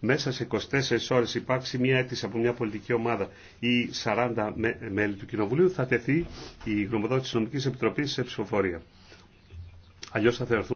μέσα σε 24 ώρες υπάρξει μια αίτηση από μια πολιτική ομάδα ή 40 μέλη του Κοινοβουλίου θα τεθεί η γνωμοδότηση της Νομικής Επιτροπής σε ψηφοφορία. Αλλιώς θα θεωρηθούν